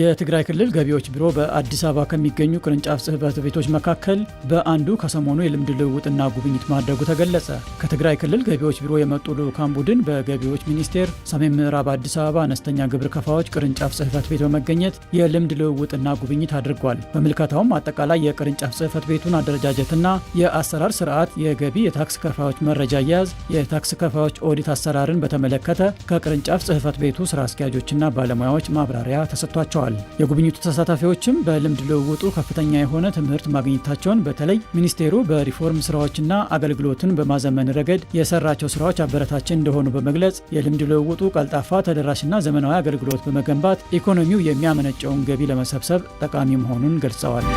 የትግራይ ክልል ገቢዎች ቢሮ በአዲስ አበባ ከሚገኙ ቅርንጫፍ ጽህፈት ቤቶች መካከል በአንዱ ከሰሞኑ የልምድ ልውውጥና ጉብኝት ማድረጉ ተገለጸ። ከትግራይ ክልል ገቢዎች ቢሮ የመጡ ልዑካን ቡድን በገቢዎች ሚኒስቴር ሰሜን ምዕራብ አዲስ አበባ አነስተኛ ግብር ከፋዎች ቅርንጫፍ ጽህፈት ቤት በመገኘት የልምድ ልውውጥና ጉብኝት አድርጓል። በምልከታውም አጠቃላይ የቅርንጫፍ ጽህፈት ቤቱን አደረጃጀትና የአሰራር ስርዓት፣ የገቢ የታክስ ከፋዮች መረጃ አያያዝ፣ የታክስ ከፋዮች ኦዲት አሰራርን በተመለከተ ከቅርንጫፍ ጽህፈት ቤቱ ስራ አስኪያጆችና ባለሙያዎች ማብራሪያ ተሰጥቷቸዋል። ተገኝተዋል። የጉብኝቱ ተሳታፊዎችም በልምድ ልውውጡ ከፍተኛ የሆነ ትምህርት ማግኘታቸውን በተለይ ሚኒስቴሩ በሪፎርም ስራዎችና አገልግሎትን በማዘመን ረገድ የሰራቸው ስራዎች አበረታች እንደሆኑ በመግለጽ የልምድ ልውውጡ ቀልጣፋ፣ ተደራሽና ዘመናዊ አገልግሎት በመገንባት ኢኮኖሚው የሚያመነጨውን ገቢ ለመሰብሰብ ጠቃሚ መሆኑን ገልጸዋል።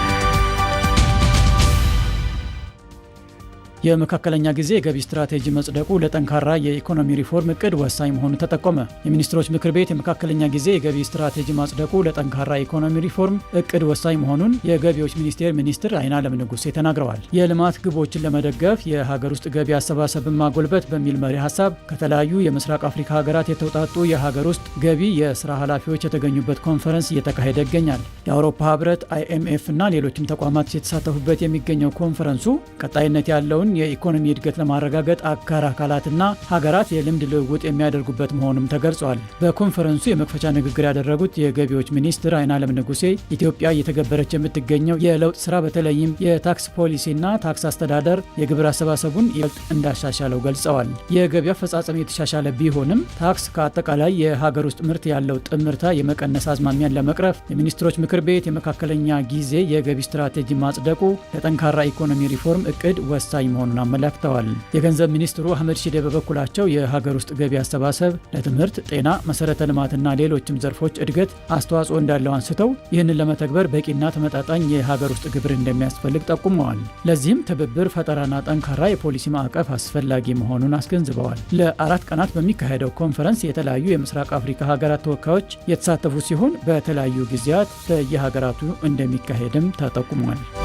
የመካከለኛ ጊዜ የገቢ ስትራቴጂ መጽደቁ ለጠንካራ የኢኮኖሚ ሪፎርም እቅድ ወሳኝ መሆኑ ተጠቆመ። የሚኒስትሮች ምክር ቤት የመካከለኛ ጊዜ የገቢ ስትራቴጂ ማጽደቁ ለጠንካራ የኢኮኖሚ ሪፎርም እቅድ ወሳኝ መሆኑን የገቢዎች ሚኒስቴር ሚኒስትር አይናለም ንጉሴ ተናግረዋል። የልማት ግቦችን ለመደገፍ የሀገር ውስጥ ገቢ አሰባሰብን ማጎልበት በሚል መሪ ሀሳብ ከተለያዩ የምስራቅ አፍሪካ ሀገራት የተውጣጡ የሀገር ውስጥ ገቢ የስራ ኃላፊዎች የተገኙበት ኮንፈረንስ እየተካሄደ ይገኛል። የአውሮፓ ህብረት፣ አይኤምኤፍ እና ሌሎችም ተቋማት የተሳተፉበት የሚገኘው ኮንፈረንሱ ቀጣይነት ያለውን የኢኮኖሚ እድገት ለማረጋገጥ አጋር አካላትና ሀገራት የልምድ ልውውጥ የሚያደርጉበት መሆኑም ተገልጿል። በኮንፈረንሱ የመክፈቻ ንግግር ያደረጉት የገቢዎች ሚኒስትር አይናለም ንጉሴ ኢትዮጵያ እየተገበረች የምትገኘው የለውጥ ስራ በተለይም የታክስ ፖሊሲና ታክስ አስተዳደር የግብር አሰባሰቡን ይበልጥ እንዳሻሻለው ገልጸዋል። የገቢ አፈጻጸም የተሻሻለ ቢሆንም ታክስ ከአጠቃላይ የሀገር ውስጥ ምርት ያለው ጥምርታ የመቀነስ አዝማሚያን ለመቅረፍ የሚኒስትሮች ምክር ቤት የመካከለኛ ጊዜ የገቢ ስትራቴጂ ማጽደቁ ለጠንካራ ኢኮኖሚ ሪፎርም እቅድ ወሳኝ መሆኑን አመላክተዋል። የገንዘብ ሚኒስትሩ አህመድ ሺዴ በበኩላቸው የሀገር ውስጥ ገቢ አሰባሰብ ለትምህርት፣ ጤና፣ መሰረተ ልማትና ሌሎችም ዘርፎች እድገት አስተዋጽኦ እንዳለው አንስተው ይህንን ለመተግበር በቂና ተመጣጣኝ የሀገር ውስጥ ግብር እንደሚያስፈልግ ጠቁመዋል። ለዚህም ትብብር፣ ፈጠራና ጠንካራ የፖሊሲ ማዕቀፍ አስፈላጊ መሆኑን አስገንዝበዋል። ለአራት ቀናት በሚካሄደው ኮንፈረንስ የተለያዩ የምስራቅ አፍሪካ ሀገራት ተወካዮች የተሳተፉ ሲሆን በተለያዩ ጊዜያት በየሀገራቱ እንደሚካሄድም ተጠቁሟል።